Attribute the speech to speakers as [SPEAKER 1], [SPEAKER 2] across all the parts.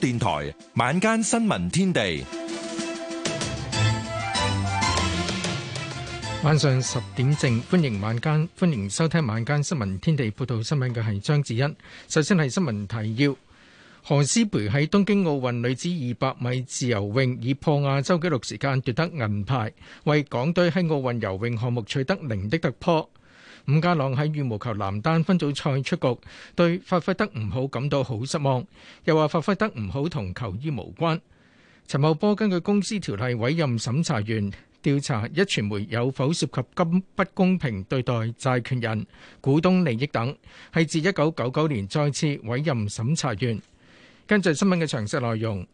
[SPEAKER 1] 電台晚
[SPEAKER 2] 間新聞天地，晚上十點正歡迎晚間歡迎收聽晚間新聞天地報道新聞嘅係張智恩。首先係新聞提要：何詩蓓喺東京奧運女子二百米自由泳以破亞洲紀錄時間奪得銀牌，為港隊喺奧運游泳項目取得零的突破。伍家朗喺羽毛球男單分組賽出局，對發揮得唔好感到好失望，又話發揮得唔好同球衣無關。陳茂波根據公司條例委任審查員調查壹傳媒有否涉及金不公平對待債權人、股東利益等，係自一九九九年再次委任審查員。根據新聞嘅詳細內容。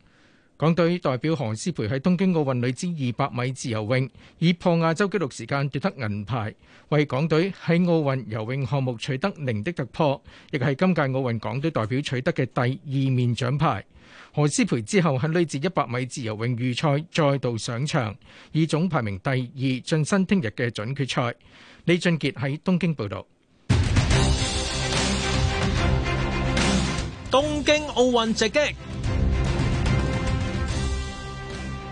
[SPEAKER 2] 港隊代表何詩蓓喺東京奧運女子二百米自由泳以破亞洲紀錄時間奪得銀牌，為港隊喺奧運游泳項目取得零的突破，亦係今屆奧運港隊代表取得嘅第二面獎牌。何詩蓓之後喺女子一百米自由泳預賽再度上場，以總排名第二晉身聽日嘅準決賽。李俊傑喺東京報道。
[SPEAKER 3] 東京奧運直擊。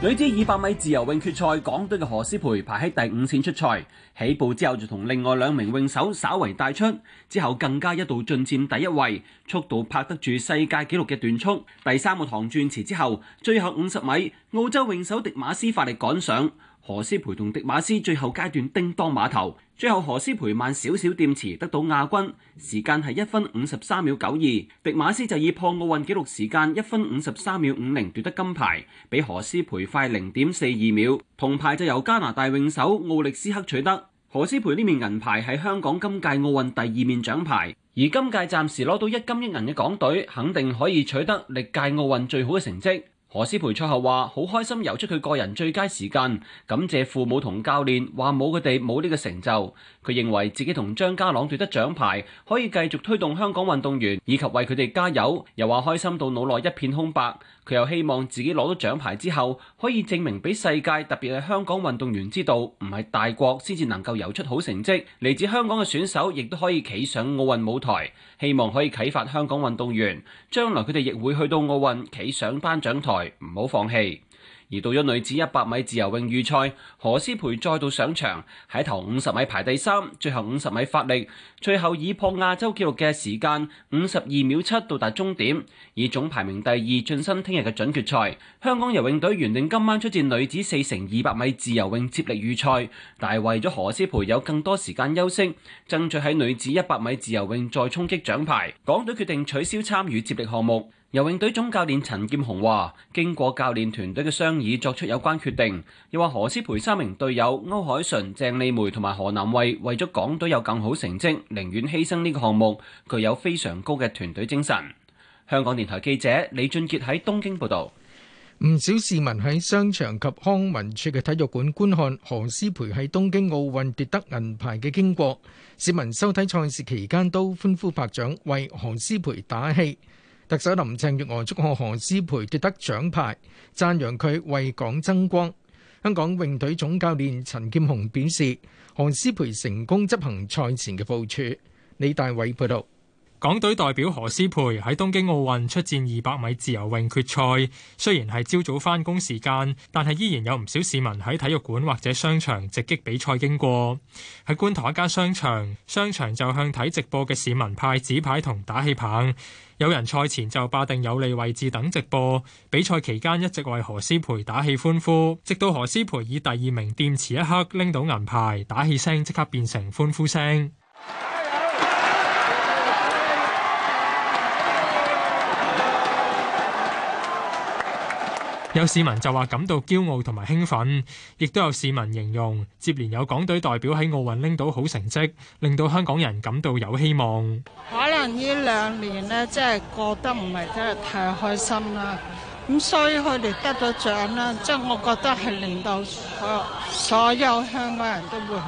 [SPEAKER 3] 女子二百米自由泳決賽，港隊嘅何詩蓓排喺第五線出賽，起步之後就同另外兩名泳手稍為帶出，之後更加一度進佔第一位，速度拍得住世界紀錄嘅段速。第三個堂轉池之後，最後五十米，澳洲泳手迪馬斯發力趕上。何詩蓓同迪馬斯最後階段叮噹馬頭，最後何詩蓓慢少少掂池得到亞軍，時間係一分五十三秒九二，迪馬斯就以破奧運紀錄時間一分五十三秒五零奪得金牌，比何詩蓓快零點四二秒。銅牌就由加拿大泳手奧利斯克取得。何詩蓓呢面銀牌係香港今屆奧運第二面獎牌，而今屆暫時攞到一金一銀嘅港隊，肯定可以取得歷屆奧運最好嘅成績。何思培賽後話，好開心游出佢個人最佳時間，感謝父母同教練，話冇佢哋冇呢個成就。佢認為自己同張家朗奪得獎牌，可以繼續推動香港運動員，以及為佢哋加油。又話開心到腦內一片空白。佢又希望自己攞到獎牌之後，可以證明俾世界，特別係香港運動員知道，唔係大國先至能夠游出好成績。嚟自香港嘅選手亦都可以企上奧運舞台。希望可以啟發香港運動員，將來佢哋亦會去到奧運，企上頒獎台，唔好放棄。而到咗女子一百米自由泳預賽，何詩蓓再度上場，喺頭五十米排第三，最後五十米發力，最後以破亞洲紀錄嘅時間五十二秒七到達終點，以總排名第二晉身聽日嘅準決賽。香港游泳隊原定今晚出戰女子四乘二百米自由泳接力預賽，但係為咗何詩蓓有更多時間休息，爭取喺女子一百米自由泳再衝擊獎牌，港隊決定取消參與接力項目。游泳隊總教練陳劍虹話：經過教練團隊嘅商議，作出有關決定。又話何詩蓓三名隊友歐海純、鄭麗梅同埋何南慧，為咗港隊有更好成績，寧願犧牲呢個項目，具有非常高嘅團隊精神。香港電台記者李俊杰喺東京報道。
[SPEAKER 2] 唔少市民喺商場及康文署嘅體育館觀看何詩蓓喺東京奧運奪得銀牌嘅經過，市民收睇賽事期間都歡呼拍掌，為何詩蓓打氣。特首林鄭月娥祝賀何詩蓓奪得獎牌，讚揚佢為港爭光。香港泳隊總教練陳劍雄表示，何詩蓓成功執行賽前嘅部署。李大偉報道。
[SPEAKER 1] 港隊代表何詩蓓喺東京奧運出戰二百米自由泳決賽，雖然係朝早翻工時間，但係依然有唔少市民喺體育館或者商場直擊比賽經過。喺觀塘一間商場，商場就向睇直播嘅市民派紙牌同打氣棒，有人賽前就霸定有利位置等直播，比賽期間一直為何詩蓓打氣歡呼，直到何詩蓓以第二名掂池一刻拎到銀牌，打氣聲即刻變成歡呼聲。有市民就話感到驕傲同埋興奮，亦都有市民形容接連有港隊代表喺奧運拎到好成績，令到香港人感到有希望。
[SPEAKER 4] 可能呢兩年呢，即係過得唔係真係太開心啦。咁所以佢哋得咗獎啦，即係我覺得係令到所所有香港人都會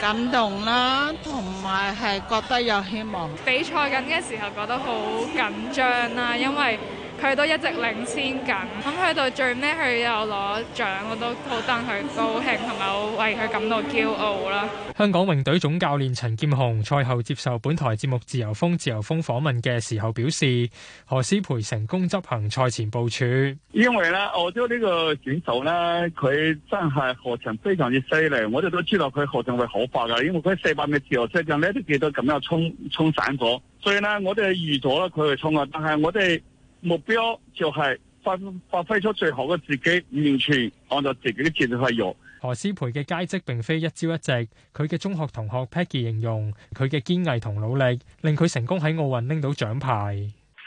[SPEAKER 4] 感動啦，同埋係覺得有希望。
[SPEAKER 5] 比賽緊嘅時候覺得好緊
[SPEAKER 4] 張啦，因為。佢都一直領先緊，咁去
[SPEAKER 6] 到最尾佢又攞獎，我都好戥佢高興，同埋我為佢感到驕傲啦。
[SPEAKER 1] 香港泳隊總教練陳劍虹賽後接受本台節目《自由風》自由風訪問嘅時候表示：何詩蓓成功執行賽前部署，
[SPEAKER 6] 因為咧，
[SPEAKER 7] 我哋呢個選手咧，佢真係後程非常之犀利，我哋都知道佢後程係好快㗎，因為佢四百米自由泳上咧都見到咁樣衝衝散咗。所以呢，
[SPEAKER 8] 我哋預咗啦，佢去衝啊，但係我哋。目標就係發發揮出最好嘅自己，完全按照自己嘅潛質去游。
[SPEAKER 1] 何詩蓓嘅佳績並非一朝一夕，佢嘅中學同學 Peggy 形容佢嘅堅毅同努力令佢成功喺奧運拎到獎牌。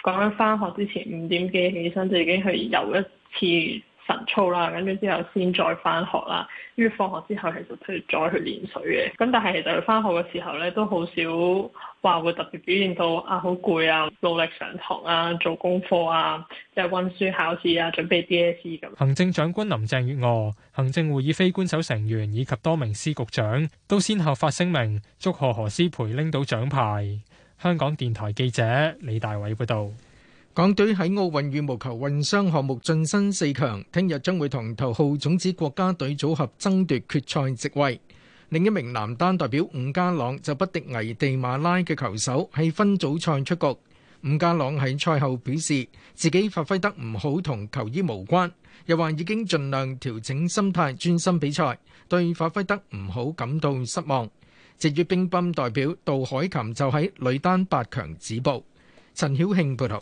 [SPEAKER 9] 講緊翻學之前五點幾起身自己去游一次。晨操啦，跟住之後先再翻學啦，跟住放學之後其實佢再去練水嘅，咁但係其實翻學嘅時候咧都好少話會特別表現到啊好攰啊，努力上堂啊，做功課啊，即係溫書考試啊，準備 DSE 咁。
[SPEAKER 1] 行政長官林鄭月娥、行政會議非官守成員以及多名司局長都先後發聲明，祝賀何詩蓓拎到獎牌。香港電台記
[SPEAKER 2] 者李大偉報導。港隊喺奧運羽毛球混雙項目晉身四強，聽日將會同頭號種子國家隊組合爭奪決賽席位。另一名男單代表伍家朗就不敵危地馬拉嘅球手，喺分組賽出局。伍家朗喺賽後表示自己發揮得唔好同球衣無關，又話已經盡量調整心態，專心比賽，對發揮得唔好感到失望。至於乒乓代表杜海琴就喺女單八強止步。陳曉慶報道。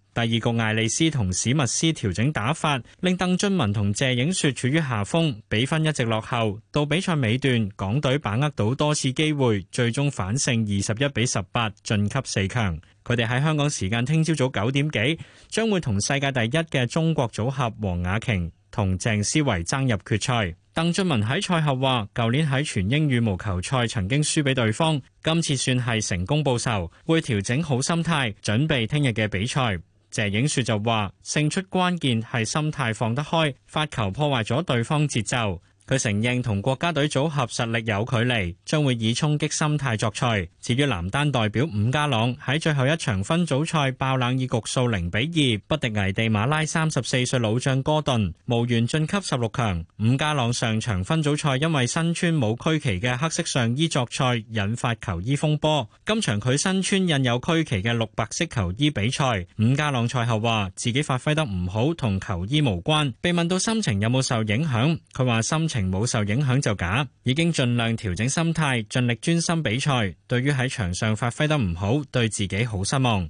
[SPEAKER 10] 第二局，艾利斯同史密斯調整打法，令鄧俊文同謝影雪處於下風，比分一直落後。到比賽尾段，港隊把握到多次機會，最終反勝二十一比十八晉級四強。佢哋喺香港時間聽朝早九點幾將會同世界第一嘅中國組合黃雅瓊同鄭思維爭入決賽。鄧俊文喺賽後話：舊年喺全英羽毛球賽曾經輸俾對方，今次算係成功報仇，會調整好心態，準備聽日嘅比賽。謝影雪就話：勝出關鍵係心態放得開，發球破壞咗對方節奏。佢承認同國家隊組合實力有距離，將會以衝擊心態作賽。至於男單代表伍家朗喺最後一場分組賽爆冷以局數零比二不敵危地馬拉三十四歲老將哥頓，無緣晉級十六強。伍家朗上場分組賽因為身穿冇區旗嘅黑色上衣作賽，引發球衣風波。今場佢身穿印有區旗嘅綠白色球衣比賽。伍家朗賽後話自己發揮得唔好同球衣無關，被問到心情有冇受影響，佢話心情冇受影響就假，已經盡量調整心態，盡力專心比賽，對於喺場上發揮得唔好，對自己好失望。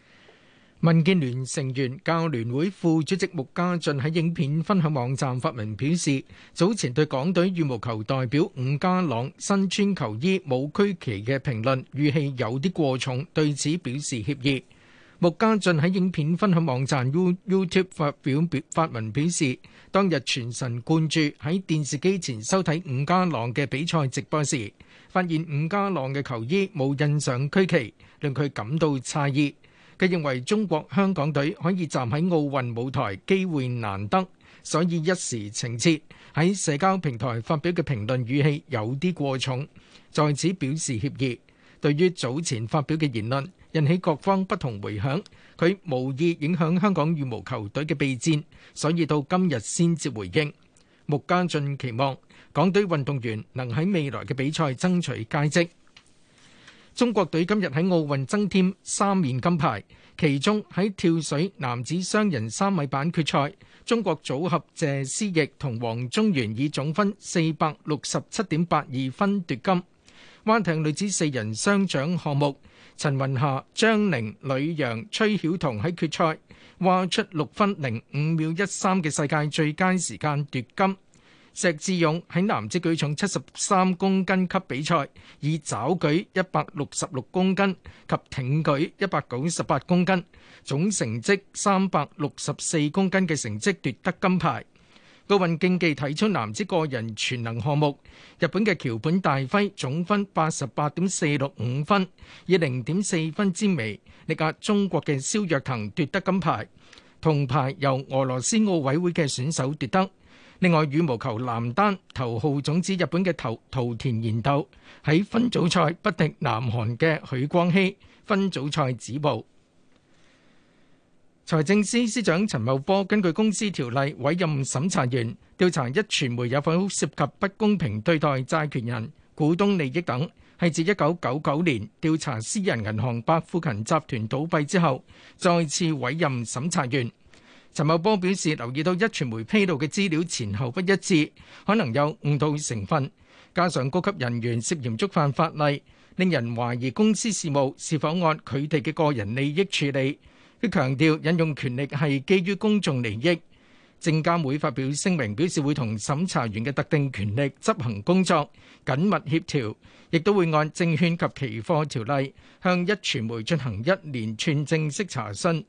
[SPEAKER 2] 民建聯成員教聯會副主席穆家俊喺影片分享網站發文表示，早前對港隊羽毛球代表伍家朗身穿球衣冇區旗嘅評論語氣有啲過重，對此表示歉意。穆家俊喺影片分享網站 You YouTube 發表發文表示，當日全神貫注喺電視機前收睇伍家朗嘅比賽直播時，發現伍家朗嘅球衣冇印上區旗，令佢感到詫異。佢認為中國香港隊可以站喺奧運舞台，機會難得，所以一時情切喺社交平台發表嘅評論語氣有啲過重，在此表示歉意。對於早前發表嘅言論引起各方不同回響，佢無意影響香港羽毛球隊嘅備戰，所以到今日先至回應。穆家俊期望港隊運動員能喺未來嘅比賽爭取佳績。中國隊今日喺奧運增添三面金牌，其中喺跳水男子雙人三米板決賽，中國組合謝思埸同王宗源以總分四百六十七點八二分奪金。划艇女子四人雙槳項目，陳雲霞、張寧、呂揚、崔曉彤喺決賽劃出六分零五秒一三嘅世界最佳時間奪金。石智勇喺男子舉重七十三公斤級比賽，以抓舉一百六十六公斤及挺舉一百九十八公斤，總成績三百六十四公斤嘅成績奪得金牌。奧運競技體操男子個人全能項目，日本嘅橋本大輝總分八十八點四六五分，以零點四分之微力壓中國嘅肖若騰奪得金牌，銅牌由俄羅斯奧委會嘅選手奪得。另外，羽毛球男單頭號種子日本嘅頭桃田賢斗喺分組賽不敵南韓嘅許光熙，分組賽止步。財政司司長陳茂波根據公司條例委任審查員調查壹傳媒有否涉及不公平對待債權人、股東利益等，係自一九九九年調查私人銀行百富勤集團倒閉之後，再次委任審查員。陳茂波表示，留意到一傳媒披露嘅資料前後不一致，可能有誤導成分，加上高級人員涉嫌觸犯法例，令人懷疑公司事務是否按佢哋嘅個人利益處理。佢強調引用權力係基於公眾利益。證監會發表聲明，表示會同審查員嘅特定權力執行工作緊密協調，亦都會按證券及期貨條例向一傳媒進行一連串正式查詢。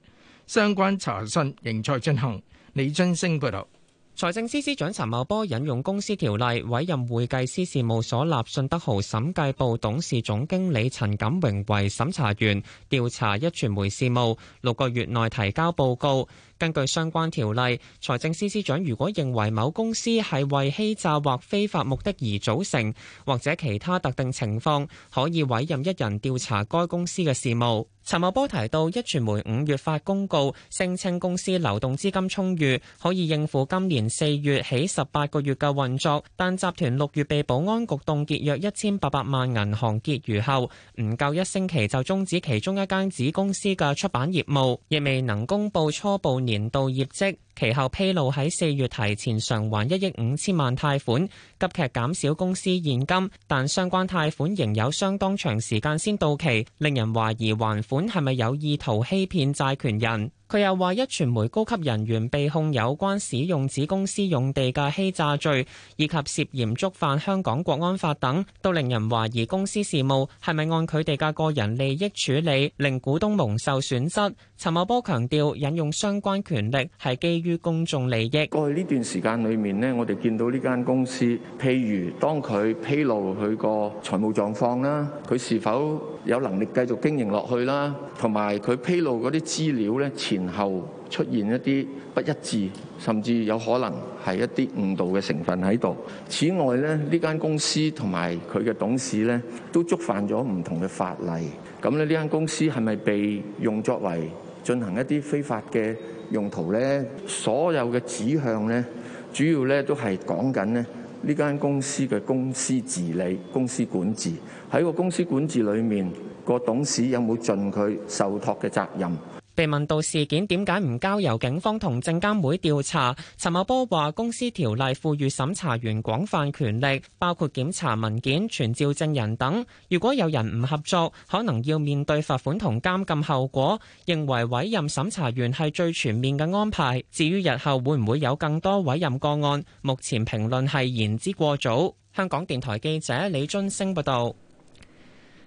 [SPEAKER 2] 相關查詢仍在進行。
[SPEAKER 9] 李津升報導，財政司司長陳茂波引用公司條例委任會計師事務所立信德豪審計部董事總經理陳錦榮為審查員調查一傳媒事務，六個月內提交報告。根據相關條例，財政司司長如果認為某公司係為欺詐或非法目的而組成，或者其他特定情況，可以委任一人調查該公司嘅事務。陳茂波提到，一傳媒五月發公告，聲稱公司流動資金充裕，可以應付今年四月起十八個月嘅運作，但集團六月被保安局凍結約一千八百萬銀行結餘後，唔夠一星期就終止其中一間子公司嘅出版業務，亦未能公布初步年年度業績。其後披露喺四月提前償還一億五千萬貸款，急劇減少公司現金，但相關貸款仍有相當長時間先到期，令人懷疑還款係咪有意圖欺騙債權人。佢又話，壹傳媒高級人員被控有關使用子公司用地嘅欺詐罪，以及涉嫌觸犯香港國安法等，都令人懷疑公司事務係咪按佢哋嘅個人利益處理，令股東蒙受損失。陳茂波強調，引用相關權力係基於公眾利益。過
[SPEAKER 11] 去呢段時間裏面呢，我哋見到呢間公司，譬如當佢披露佢個財務狀況啦，佢是否有能力繼續經營落去啦？同埋佢披露嗰啲資料呢，前後出現一啲不一致，甚至有可能係一啲誤導嘅成分喺度。此外呢，呢間公司同埋佢嘅董事呢，都觸犯咗唔同嘅法例。咁呢，呢間公司係咪被用作為進行一啲非法嘅用途呢，所有嘅指向呢，主要呢都係講緊呢呢間公司嘅公司治理、公司管治。喺個公司管治裏面，個董事有冇盡佢受托嘅責任？
[SPEAKER 9] 被問到事件點解唔交由警方同證監會調查，陳茂波話公司條例賦予審查員廣泛權力，包括檢查文件、傳召證人等。如果有人唔合作，可能要面對罰款同監禁後果。認為委任審查員係最全面嘅安排。至於日後會唔會有更多委任個案，目前評論係言之過早。香港電台記者李津升報道。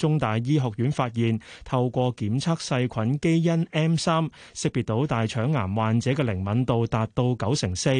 [SPEAKER 11] 中大醫學院發現，透過檢測細菌基因 M 三，識別到大腸癌患者嘅靈敏度達到九成四，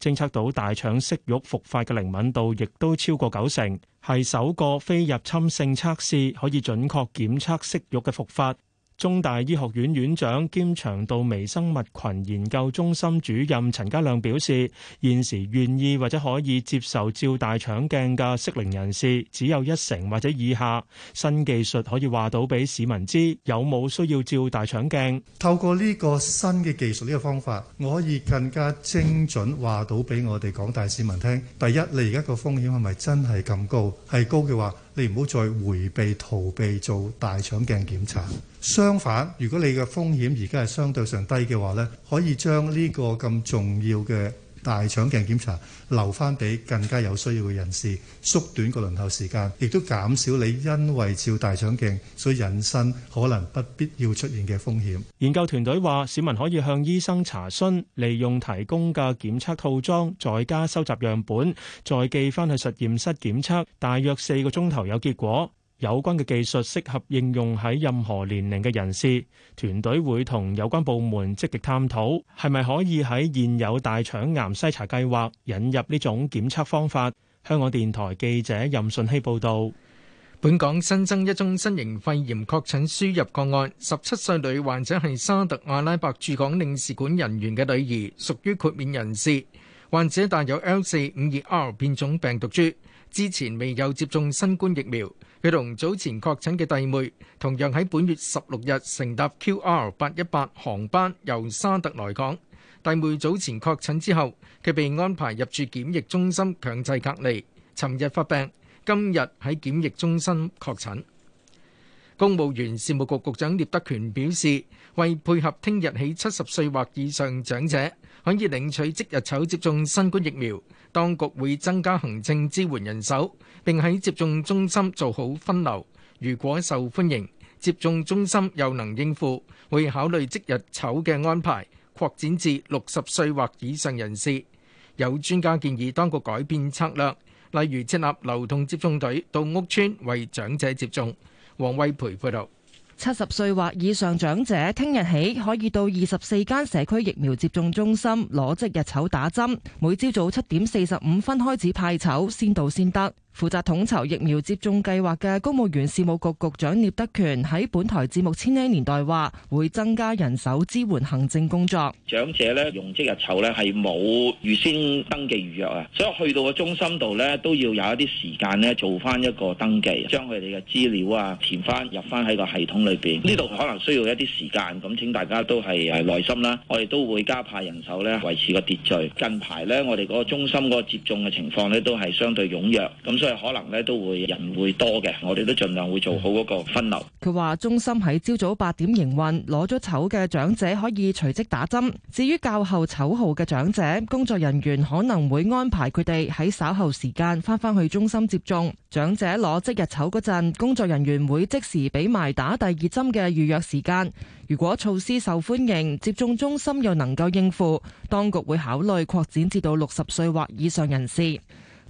[SPEAKER 11] 偵測到大腸息肉復發嘅靈敏度亦都超過九成，係首個非入侵性測試可以準確檢測息肉嘅復發。中大醫學院院長兼腸道微生物群研究中心主任陳家亮表示：現時願意或者可以接受照大腸鏡嘅適齡人士只有一成或者以下。新技術可以話到俾市民知，有冇需要照大腸鏡？透過呢個新嘅技術呢個方法，我可以更加精準話到俾我哋廣大市民聽。第一，你而家個風險係咪真係咁高？係高嘅話。你唔好再回避、逃避做大腸鏡檢查。相反，如果你嘅風險而家係相對上低嘅話呢，可以將呢個咁重要嘅，大腸鏡檢查留翻俾更加有需要嘅人士，縮短個輪候時間，亦都減少你因為照大腸鏡所以引申可能不必要出現嘅風險。研究團隊話，市民可以向醫生查詢，利用提供嘅檢測套裝，再加收集樣本，再寄翻去實驗室檢測，大約四個鐘頭有結果。有關嘅技術適合應用喺任何年齡嘅人士，團隊會同有關部門積極探討，係咪可以喺現有大腸癌篩查計劃引入呢種檢測方法。香港電台記者任信
[SPEAKER 2] 希報導。本港新增一宗新型肺炎確診輸入個案，十七歲女患者係沙特阿拉伯駐港領事館人員嘅女兒，屬於豁免人士。患者帶有 L 四五二 R 變種病毒株。之前未有接種新冠疫苗，佢同早前確診嘅弟妹同樣喺本月十六日乘搭 QR 八一八航班由沙特來港。弟妹早前確診之後，佢被安排入住檢疫中心強制隔離，尋日發病，今日喺檢疫中心確診。公務員事務局局長聶德權表示，為配合聽日起七十歲或以上長者可以領取即日籌接種新冠疫苗。當局會增加行政支援人手，並喺接種中心做好分流。如果受歡迎，接種中心又能應付，會考慮即日籌嘅安排擴展至六十歲或以上人士。有專家建議當局改變策略，例如設立流動接種隊到屋邨為長者接種。王惠培報道。
[SPEAKER 5] 七十歲或以上長者聽日起可以到二十四間社區疫苗接種中心攞即日籌打針，每朝早七點四十五分開始派籌，先到先得。負責統籌疫苗接種計劃嘅公務員事務局局長聶德權喺本台節目《千禧年代》話，會增加人手支援行政工作。
[SPEAKER 6] 長者咧用即日籌咧係冇預先登記預約啊，所以去到個中心度咧都要有一啲時間咧做翻一個登記，將佢哋嘅資料啊填翻入翻喺個系統裏邊。呢度可能需要一啲時間，咁請大家都係誒耐心啦。我哋都會加派人手咧維持個秩序。近排咧我哋嗰個中心嗰個接種嘅情況咧都係相對踴躍，咁。可能咧，都會人會多嘅，我哋都盡量會做好嗰個分流。
[SPEAKER 5] 佢話中心喺朝早八點營運，攞咗籌嘅長者可以隨即打針。至於較後籌號嘅長者，工作人員可能會安排佢哋喺稍後時間翻返去中心接種。長者攞即日籌嗰陣，工作人員會即時俾埋打第二針嘅預約時間。如果措施受歡迎，接種中心又能夠應付，當局會考慮擴展至到六十歲或以上人士。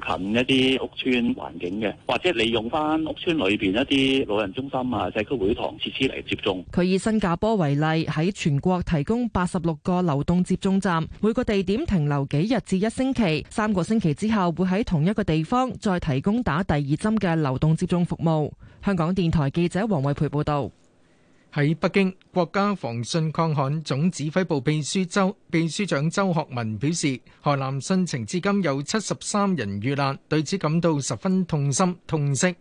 [SPEAKER 7] 好近一啲屋邨環境嘅，或者利用翻屋邨裏邊一啲老人中心啊、社區會堂設施嚟接種。
[SPEAKER 5] 佢以新加坡為例，喺全國提供八十六個流動接種站，每個地點停留幾日至一星期，三個星期之後會喺同一個地方再提供打第二針嘅流動接種服務。香港電台記者黃惠培報道。喺北京，
[SPEAKER 2] 國家防汛抗旱總指揮部秘書周秘書長周學文表示，河南汛情至今有七十三人遇難，對此感到十分痛心痛惜。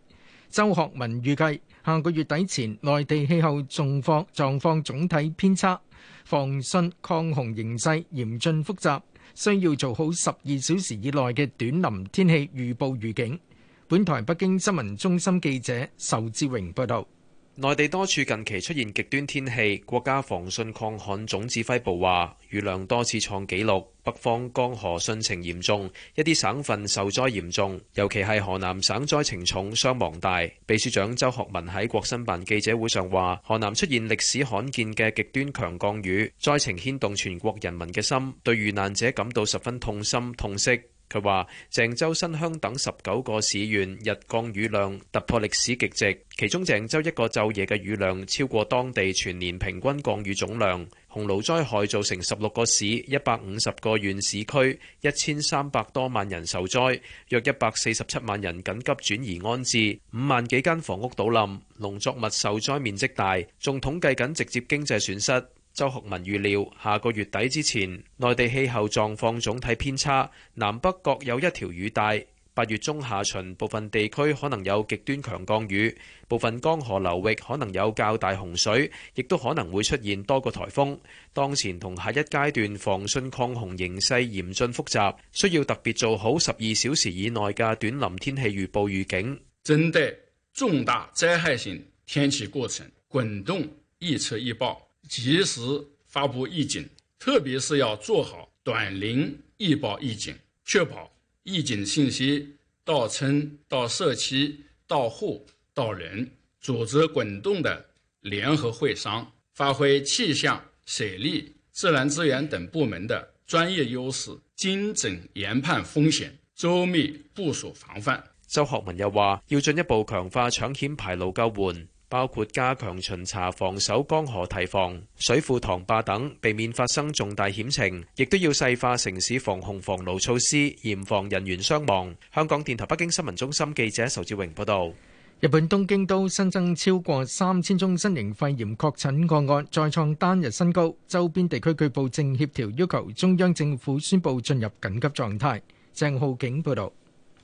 [SPEAKER 2] 周學文預計下個月底前，內地氣候狀況狀況總體偏差，防汛抗洪形勢嚴峻複雜，需要做好十二小時以內嘅短臨天氣預報預警。本台北京新聞中心記者仇志榮報道。
[SPEAKER 12] 內地多處近期出現極端天氣，國家防汛抗旱總指揮部話雨量多次創紀錄，北方江河汛情嚴重，一啲省份受災嚴重，尤其係河南省災情重，傷亡大。秘書長周學文喺國新辦記者會上話，河南出現歷史罕見嘅極端強降雨，災情牽動全國人民嘅心，對遇難者感到十分痛心痛惜。佢話鄭州新鄉等十九個市縣日降雨量突破歷史極值，其中鄭州一個晝夜嘅雨量超過當地全年平均降雨總量。洪澇災害造成十六個市一百五十個縣市區一千三百多萬人受災，約一百四十七萬人緊急轉移安置，五萬幾間房屋倒冧，農作物受災面積大，仲統計緊直接經濟損失。周學文預料，下個月底之前，內地氣候狀況總體偏差，南北各有一條雨帶。八月中下旬，部分地區可能有極端強降雨，部分江河流域可能有較大洪水，亦都可能會出現多個台風。當前同下一階段防汛抗洪形勢嚴峻複雜，需要特別做好十二小時以內嘅短臨天氣預報預警，
[SPEAKER 1] 針對重大災害性天氣過程滾動預測預報。一及時發布預警，特別是要做好短臨預報預警，確保預警信息到村、到社區、到戶、到人，組織滾動的聯合會商，發揮氣象、水利、自然資源等部門的專業優勢，
[SPEAKER 12] 精準研判風險，周密部署防範。周學文又話，要進一步強化搶險排澇救援。包括加強巡查、防守江河堤防、水庫塘壩等，避免發生重大險情，亦都要細化城市防洪防澇措施，嚴防人員傷亡。香港電台北京新聞中心記者仇志榮報導。
[SPEAKER 2] 日本東京都新增超過三千宗新型肺炎確診個案，再創單日新高。周邊地區據報正協調要求中央政府宣布進
[SPEAKER 6] 入緊急狀態。鄭浩景報導。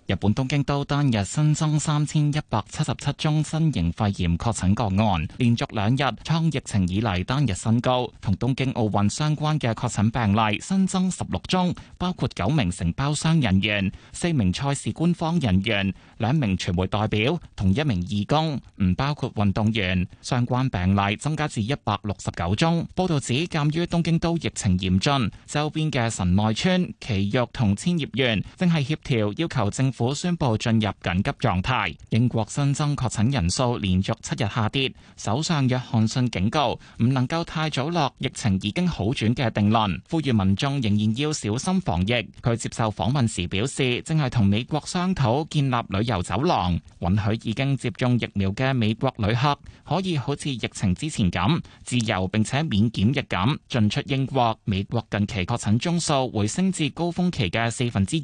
[SPEAKER 6] 日本東京都單日新增三千一百七十七宗新型肺炎確診個案，連續兩日創疫情以嚟單日新高。同東京奧運相關嘅確診病例新增十六宗，包括九名承包商人員、四名賽事官方人員、兩名傳媒代表同一名義工，唔包括運動員。相關病例增加至一百六十九宗。報道指，鑑於東京都疫情嚴峻，周邊嘅神奈川、埼玉同千葉縣正係協調要求政府。府宣布進入緊急狀態。英國新增確診人數連續七日下跌。首相約翰遜警告，唔能夠太早落疫情已經好轉嘅定論，呼籲民眾仍然要小心防疫。佢接受訪問時表示，正係同美國商討建立旅遊走廊，允許已經接種疫苗嘅美國旅客可以好似疫情之前咁自由並且免檢疫咁進出英國。美國近期確診宗數回升至高峰期嘅四分之一。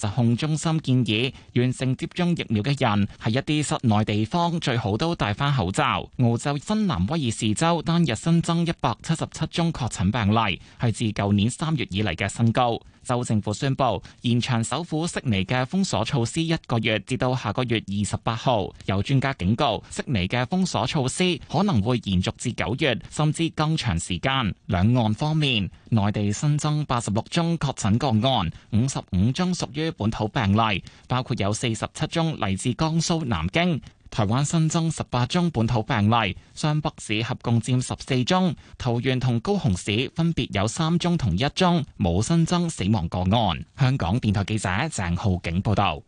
[SPEAKER 6] 疾控中心建議。已完成接種疫苗嘅人，喺一啲室內地方最好都戴翻口罩。澳洲新南威爾士州單日新增一百七十七宗確診病例，係自舊年三月以嚟嘅新高。州政府宣布延長首府悉尼嘅封鎖措施一個月，至到下個月二十八號。有專家警告，悉尼嘅封鎖措施可能會延續至九月，甚至更長時間。兩岸方面，內地新增八十六宗確診個案，五十五宗屬於本土病例，包括有四十七宗嚟自江蘇南京。台灣新增十八宗本土病例，雙北市合共占十四宗，桃園同高雄市分別有三宗同一宗，冇新增死亡個案。香港電台記者鄭浩景報道。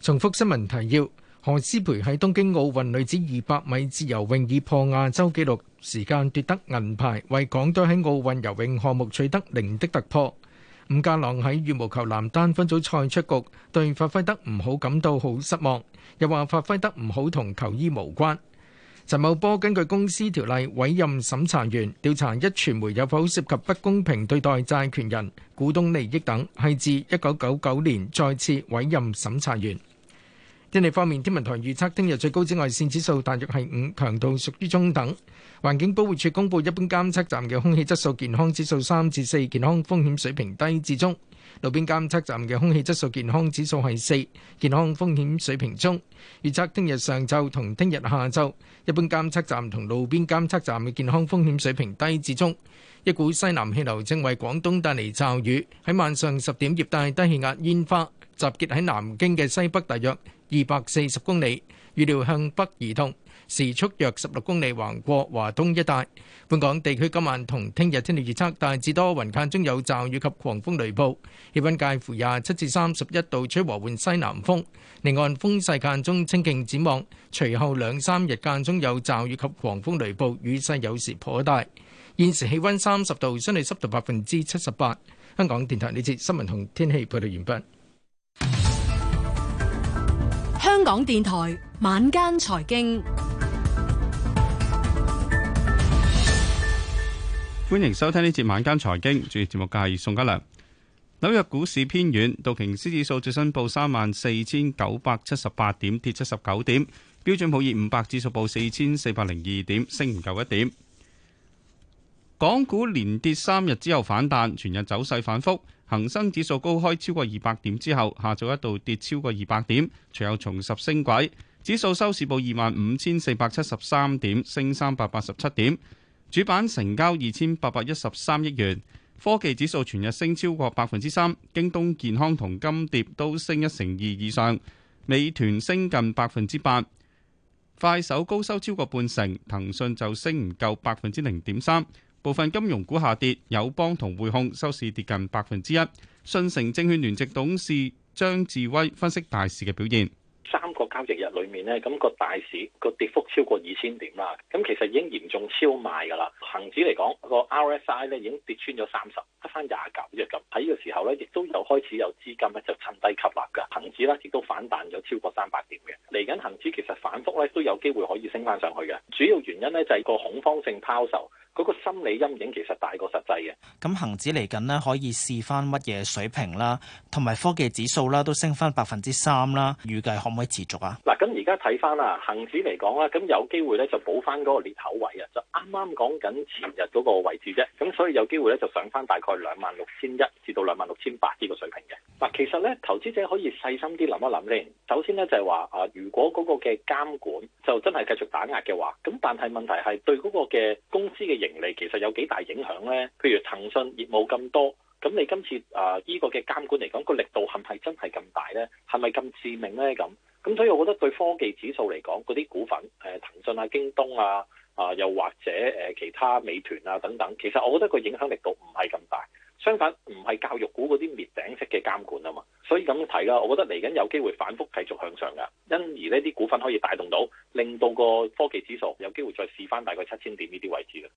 [SPEAKER 6] 重複新聞提要：
[SPEAKER 2] 何詩蓓喺東京奧運女子二百米自由泳以破亞洲紀錄時間奪得銀牌，為港隊喺奧運游泳項目取得零的突破。伍家朗喺羽毛球男單分組賽出局，對發揮得唔好感到好失望，又話發揮得唔好同球衣無關。陳茂波根據公司條例委任審查員調查壹傳媒有否涉及不公平對待債權人、股東利益等，係自一九九九年再次委任審查員。天氣方面，天文台預測聽日最高紫外線指數大約係五，強度屬於中等。環境保護署公布，一般監測站嘅空氣質素健康指數三至四，健康風險水平低至中；路邊監測站嘅空氣質素健康指數係四，健康風險水平中。預測聽日上晝同聽日下晝，一般監測站同路邊監測站嘅健康風險水平低至中。一股西南氣流正為廣東帶嚟驟雨，喺晚上十點，熱帶低氣壓煙花集結喺南京嘅西北，大約二百四十公里，預料向北移動。時速約十六公里，橫過華東一帶。本港地區今晚同聽日天氣預測，大致多雲間中有驟雨及狂風雷暴，氣溫介乎廿七至三十一度，吹和緩西南風。離岸風勢間中清勁。展望，隨後兩三日間中有驟雨及狂風雷暴，雨勢有時頗大。現時氣溫三十度，相對濕度百分之七十八。香港電台呢節新聞同天氣報道完畢。
[SPEAKER 13] 香港電台
[SPEAKER 5] 晚間財經。
[SPEAKER 8] 歡迎收聽呢節晚間財經，主持節目嘅係宋家良。紐約股市偏軟，道瓊斯指數最新報三萬四千九百七十八點，跌七十九點；標準普爾五百指數報四千四百零二點，升唔夠一點。港股連跌三日之後反彈，全日走勢反覆。恒生指數高開超過二百點之後，下晝一度跌超過二百點，隨後重拾升軌，指數收市報二萬五千四百七十三點，升三百八十七點。主板成交二千八百一十三億元，科技指數全日升超過百分之三，京東健康同金蝶都升一成二以上，美團升近百分之八，快手高收超過半成，騰訊就升唔夠百分之零點三。部分金融股下跌，友邦同匯控收市跌近百分之一。信誠證券聯席董事張智威分析大市嘅表現。
[SPEAKER 7] 交易日裏面咧，咁個大市個跌幅超過二千點啦，咁其實已經嚴重超賣㗎啦。恒指嚟講個 RSI 咧已經跌穿咗三十，得翻廿九日咁。喺呢個時候咧，亦都有開始有資金咧就趁低吸納㗎。恒指咧亦都反彈咗超過三百點嘅。嚟緊恒指其實反覆咧都有機會可以升翻上去嘅。主要原因咧就係個恐慌性拋售。嗰個心理陰影其實大過實
[SPEAKER 4] 際嘅。咁恒指嚟緊呢，可以試翻乜嘢水平啦，同埋科技指數啦，都升翻百分之三啦。預計可唔可以持續啊？
[SPEAKER 7] 嗱，咁而家睇翻啦，恒指嚟講咧，咁有機會咧就補翻嗰個裂口位啊，就啱啱講緊前日嗰個位置啫。咁所以有機會咧就上翻大概兩萬六千一至到兩萬六千八呢個水平嘅。嗱，其實咧投資者可以細心啲諗一諗咧。首先咧就係話啊，如果嗰個嘅監管就真係繼續打壓嘅話，咁但係問題係對嗰個嘅公司嘅盈利其實有幾大影響呢？譬如騰訊業務咁多，咁你今次啊，依、呃呢個嘅監管嚟講個力度係咪真係咁大呢？係咪咁致命呢？咁咁，所以我覺得對科技指數嚟講嗰啲股份，誒、呃、騰訊啊、京東啊啊、呃，又或者誒、呃、其他美團啊等等，其實我覺得個影響力度唔係咁大。相反，唔係教育股嗰啲滅頂式嘅監管啊嘛，所以咁睇啦。我覺得嚟緊有機會反覆繼續向上噶，因而呢啲股份可以帶動到，令到個科技指數有機會再試翻大概七千點呢啲位置嘅。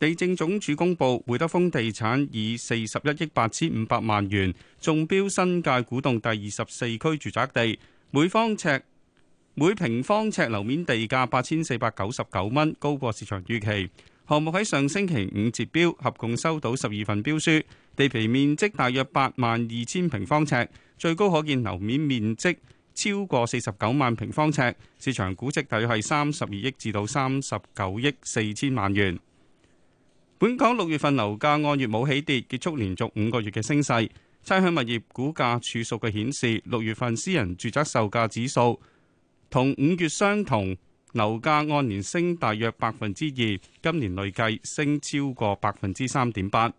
[SPEAKER 8] 地政總署公布，匯德豐地產以四十一億八千五百萬元中標新界古洞第二十四區住宅地，每方尺每平方尺樓面地價八千四百九十九蚊，高過市場預期。項目喺上星期五截標，合共收到十二份標書，地皮面積大約八萬二千平方尺，最高可見樓面面積超過四十九萬平方尺，市場估值大約係三十二億至到三十九億四千萬元。本港六月份樓價按月冇起跌，結束連續五個月嘅升勢。差餉物業估價署數據顯示，六月份私人住宅售價指數同五月相同，樓價按年升大約百分之二，今年累計升超過百分之三點八。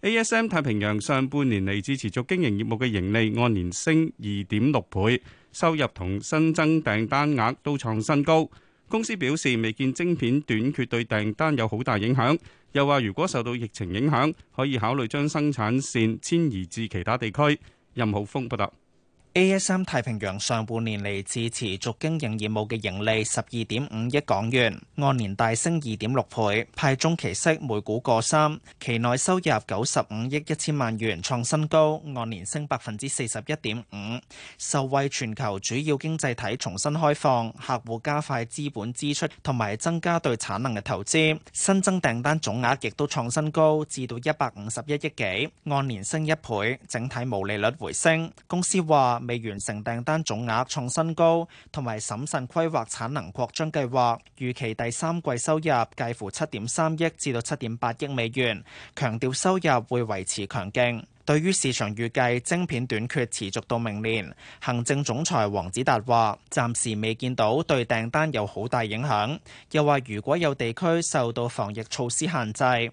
[SPEAKER 8] ASM 太平洋上半年嚟自持續經營業務嘅盈利按年升二點六倍，收入同新增訂單額都創新高。公司表示未見晶片短缺對訂單有好大影響，又話如果受到疫情影響，可以考慮將生產線遷移至其他地區，任浩峰報道。
[SPEAKER 4] ASM 太平洋上半年嚟自持續經營業務嘅盈利十二點五億港元，按年大升二點六倍，派中期息每股過三，期內收入九十五億一千萬元，創新高，按年升百分之四十一點五。受惠全球主要經濟體重新開放，客戶加快資本支出同埋增加對產能嘅投資，新增訂單總額亦都創新高，至到一百五十一億幾，按年升一倍，整體毛利率回升。公司話。未完成訂單總額創新高，同埋審慎規劃產能擴張計劃。預期第三季收入介乎七點三億至到七點八億美元，強調收入會維持強勁，對於市場預計晶片短缺持續到明年，行政總裁黃子達話暫時未見到對訂單有好大影響，又話如果有地區受到防疫措施限制。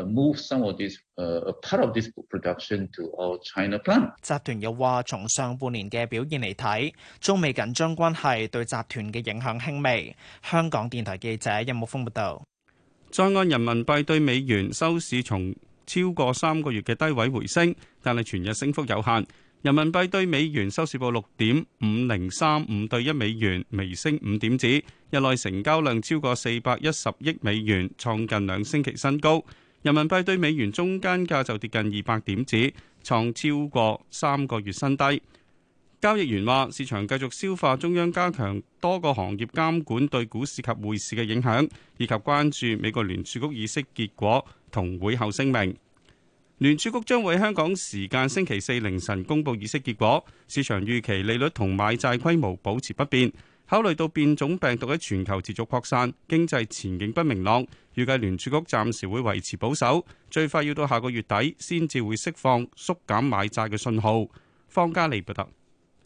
[SPEAKER 6] move some of this part of this production to our China
[SPEAKER 4] plant。集團又話從上半年嘅表現嚟睇，中美緊張關係對集團嘅影響輕微。香港電台記者任木峯報道。
[SPEAKER 8] 在岸人民幣對美元收市從超過三個月嘅低位回升，但係全日升幅有限。人民幣對美元收市報六點五零三五對一美元，微升五點子，日內成交量超過四百一十億美元，創近兩星期新高。人民幣對美元中間價就跌近二百點子，創超過三個月新低。交易員話：市場繼續消化中央加強多個行業監管對股市及匯市嘅影響，以及關注美國聯儲局議息結果同會後聲明。聯儲局將會喺香港時間星期四凌晨公佈議息結果，市場預期利率同買債規模保持不變。考慮到變種病毒喺全球持續擴散，經濟前景不明朗，預計聯儲局暫時會維持保守，最快要到下個月底先至會釋放縮減買債嘅信號。方家利報道。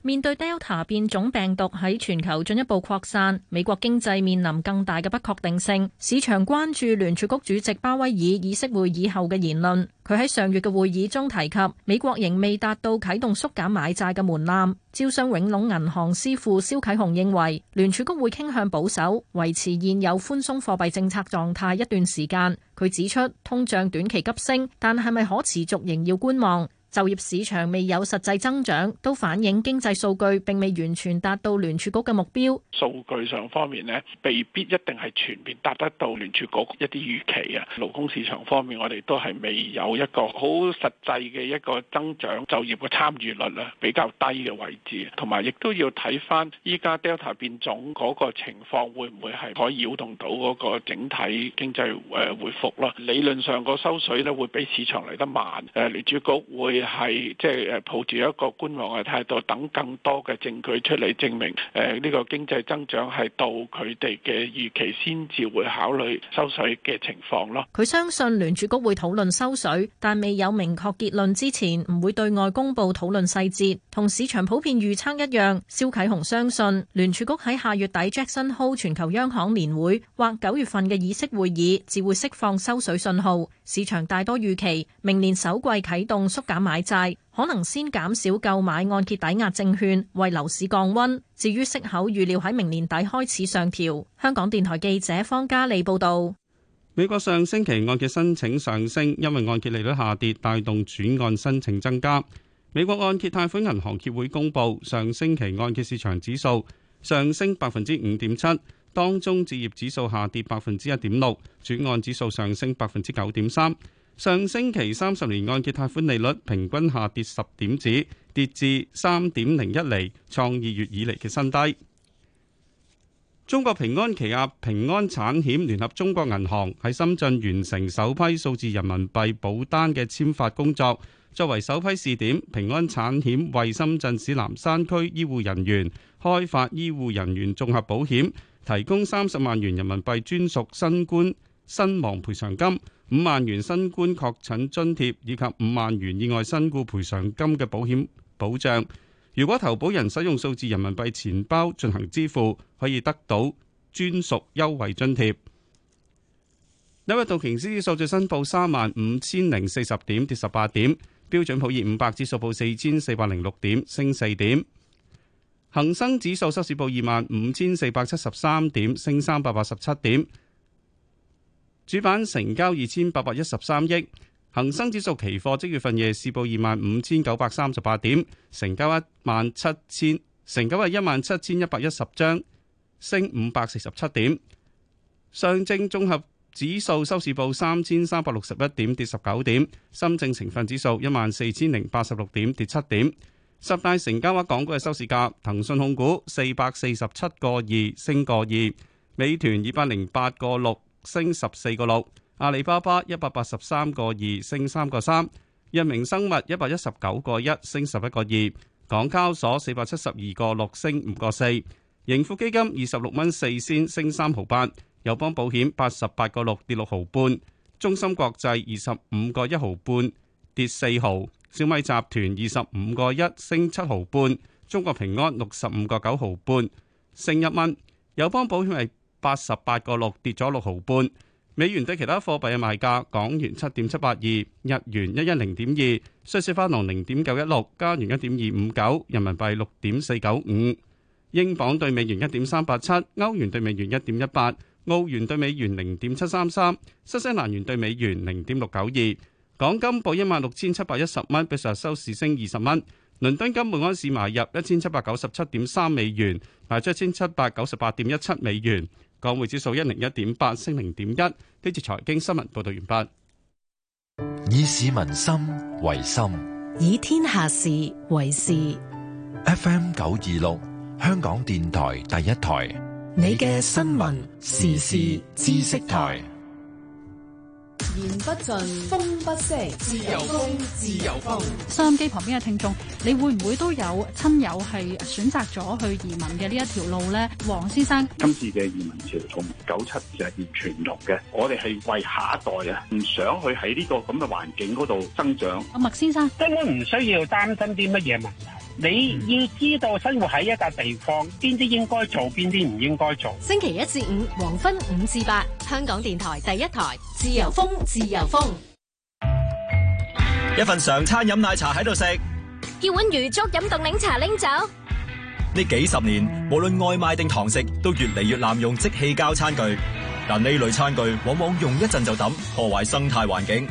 [SPEAKER 13] 面對 Delta 變種病毒喺全球進一步擴散，美國經濟面臨更大嘅不確定性，市場關注聯儲局主席鮑威爾議息會議後嘅言論。佢喺上月嘅會議中提及，美國仍未達到啟動縮減買債嘅門檻。招商永隆銀行師傅肖啟雄認為，聯儲局會傾向保守，維持現有寬鬆貨幣政策狀態一段時間。佢指出，通脹短期急升，但係咪可持續，仍要觀望。就業市場未有實際增長，都反映經濟數據並未完全達到聯儲局嘅目標。
[SPEAKER 8] 數據上方面咧，未必一定係全面達得到聯儲局一啲預期啊。勞工市場方面，我哋都係未有一個好實際嘅一個增長。就業嘅參與率啊比較低嘅位置，同埋亦都要睇翻依家 Delta 變種嗰個情況，會唔會係可以擾動到嗰個整體經濟誒回復咯，理論上個收水咧，會比市場嚟得慢。誒，聯儲局會。係即係誒，抱住一個觀望嘅態度，等更多嘅證據出嚟，證明誒呢個經濟增長係到佢哋嘅預期先至會考慮收水嘅情況咯。
[SPEAKER 13] 佢相信聯儲局會討論收水，但未有明確結論之前，唔會對外公布討論細節。同市場普遍預測一樣，蕭啟雄相信聯儲局喺下月底 Jackson Hole 全球央行年會或九月份嘅議息會議至會釋放收水信號。市場大多預期明年首季啟動縮減買買債可能先減少購買按揭抵押證券，為樓市降溫。至於息口，預料喺明年底開始上調。香港電台記者方嘉利報道。
[SPEAKER 8] 美國上星期按揭申請上升，因為按揭利率下跌帶動轉按申請增加。美國按揭貸款銀行協會公布上星期按揭市場指數上升百分之五點七，當中置業指數下跌百分之一點六，轉按指數上升百分之九點三。上星期三十年按揭貸款利率平均下跌十點子，跌至三點零一厘，創二月以嚟嘅新低。中國平安旗下平安產險聯合中國銀行喺深圳完成首批數字人民幣保單嘅簽發工作，作為首批試點，平安產險為深圳市南山區醫護人員開發醫護人員綜合保險，提供三十萬元人民幣專屬新冠身亡賠償金。五萬元新冠確診津貼以及五萬元意外身故賠償金嘅保險保障。如果投保人使用數字人民幣錢包進行支付，可以得到專屬優惠津貼。今日道瓊斯指數申報三萬五千零四十點，跌十八點；標準普爾五百指數報四千四百零六點，升四點；恆生指數收市報二萬五千四百七十三點，升三百八十七點。主板成交二千八百一十三億，恒生指數期貨即月份夜市報二萬五千九百三十八點，成交一萬七千，成交係一萬七千一百一十張，升五百四十七點。上證綜合指數收市報三千三百六十一點，跌十九點。深證成分指數一萬四千零八十六點，跌七點。十大成交額港股嘅收市價，騰訊控股四百四十七個二，升個二；美團二百零八個六。升十四個六，阿里巴巴一百八十三個二升三個三，藥明生物一百一十九個一升十一個二，港交所四百七十二個六升五個四，盈富基金二十六蚊四仙升三毫八，友邦保險八十八個六跌六毫半，中芯國際二十五個一毫半跌四毫，小米集團二十五個一升七毫半，中國平安六十五個九毫半升一蚊，友邦保險係。八十八個六跌咗六毫半。美元對其他貨幣嘅賣價：港元七點七八二，日元一一零點二，瑞士法郎零點九一六，加元一點二五九，人民幣六點四九五，英鎊對美元一點三八七，歐元對美元一點一八，澳元對美元零點七三三，新西蘭元對美元零點六九二。港金報一萬六千七百一十蚊，比上日收市升二十蚊。倫敦金每安士買入一千七百九十七點三美元，賣出一千七百九十八點一七美元。港匯指數一零一點八升零點一。呢節財經新聞報道完畢。
[SPEAKER 7] 以市民心為心，
[SPEAKER 13] 以天下事為事。
[SPEAKER 7] F M 九二六香港電臺第一台，
[SPEAKER 2] 你嘅新聞
[SPEAKER 13] 時事
[SPEAKER 7] 知識台。
[SPEAKER 13] 言不盡，風不息，自由，自由風，自由風。收音機旁邊嘅聽眾，你會唔會都有親友係選擇咗去移民嘅呢一條路咧？黃先生，
[SPEAKER 7] 今次嘅移民潮同九七就係完全唔同嘅，我哋係為下一代啊，唔想去喺呢、這個咁嘅環境嗰度增長。
[SPEAKER 13] 阿麥先生，根
[SPEAKER 7] 本唔需要擔心啲乜嘢問題。你要知道生活喺一笪地方，邊
[SPEAKER 3] 啲應該做，邊啲唔應該做。
[SPEAKER 13] 星期一至五，黃昏五至八，香港電台第一台，自由風，自由風。
[SPEAKER 3] 一份常餐飲奶茶喺度食，
[SPEAKER 13] 叫碗魚粥飲凍檸茶拎走。
[SPEAKER 3] 呢幾十年，無論外賣定堂食，都越嚟越濫用即棄膠餐具。但呢類餐具往往用一陣就抌，破壞生態環境。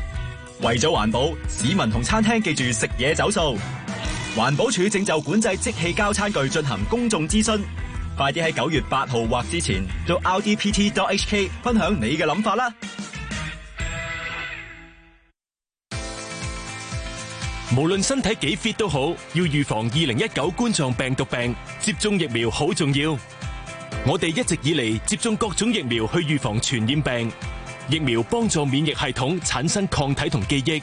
[SPEAKER 3] 為咗環保，市民同餐廳記住食嘢走塑。環保署正就管制即棄膠餐具進行公眾諮詢，快啲喺9月8號或之前，做 ldpt.hk 分享你嘅諗法啦。
[SPEAKER 7] 無
[SPEAKER 11] 論身體幾 fit 都好，要預防2019冠狀病毒病，接種疫苗好重要。我哋一直以嚟接種各種疫苗去預防傳染病，疫苗幫助免疫系統產生抗體同記憶，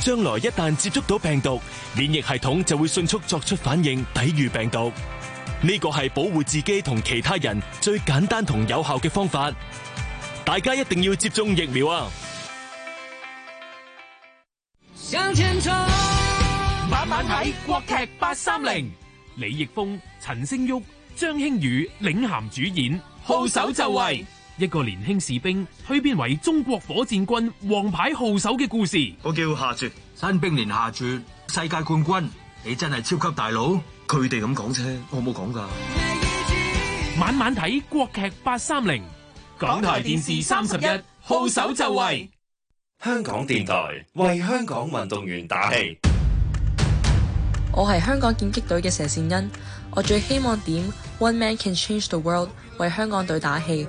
[SPEAKER 11] 將來一旦接觸到病毒，免疫系統就會迅速作出反應，抵禦病毒。呢個係保護自己同其他人最簡單同有效嘅方法。大家一定要接
[SPEAKER 7] 種疫苗啊！
[SPEAKER 5] 向前衝！
[SPEAKER 7] 晚晚睇國劇八三零，李易峰、陳星旭、張
[SPEAKER 12] 馨予領銜主演，號手就位。一個年輕士兵蛻變為中國火箭軍王牌號手嘅故事。我叫下絕新兵連下絕世界冠軍。你真係超級大佬，佢哋咁講啫，我冇講噶。
[SPEAKER 7] 晚晚睇國劇八三零，港台電視三十一號手就位。香港電台為香港運動員打氣。
[SPEAKER 5] 我係香港劍擊隊嘅佘善恩，我最希望點 One Man Can Change the World 為香港隊打氣。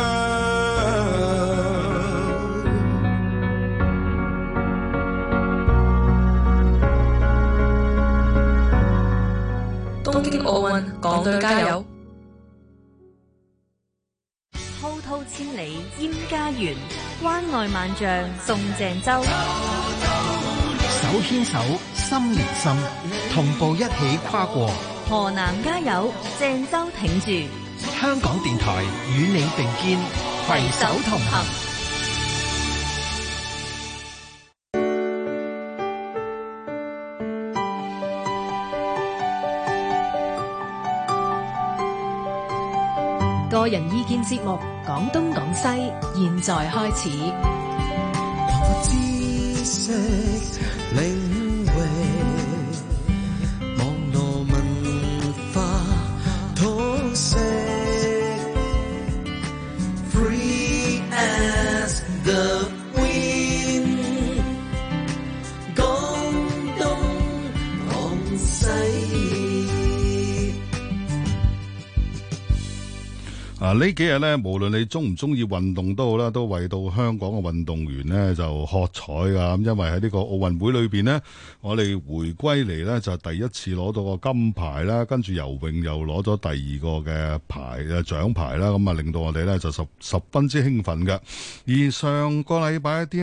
[SPEAKER 5] 奧運，港
[SPEAKER 13] 隊加油！滔滔千里淹家園，關愛萬象，送鄭州。
[SPEAKER 7] 手牽手，心連心，同步一起跨過。
[SPEAKER 13] 河南加油，鄭州挺住！香
[SPEAKER 7] 港電台與你並肩，
[SPEAKER 13] 攜手同行。個人意見節目《講東講西》，現在開始。
[SPEAKER 11] 呢幾日咧，無論你中唔中意運動都好啦，都為到香港嘅運動員咧就喝彩噶，咁因為喺呢個奧運會裏邊咧，我哋回歸嚟咧就係第一次攞到個金牌啦，跟住游泳又攞咗第二個嘅牌誒獎
[SPEAKER 6] 牌啦，咁啊令到我哋咧就十十分之興奮嘅，而上個禮拜一啲。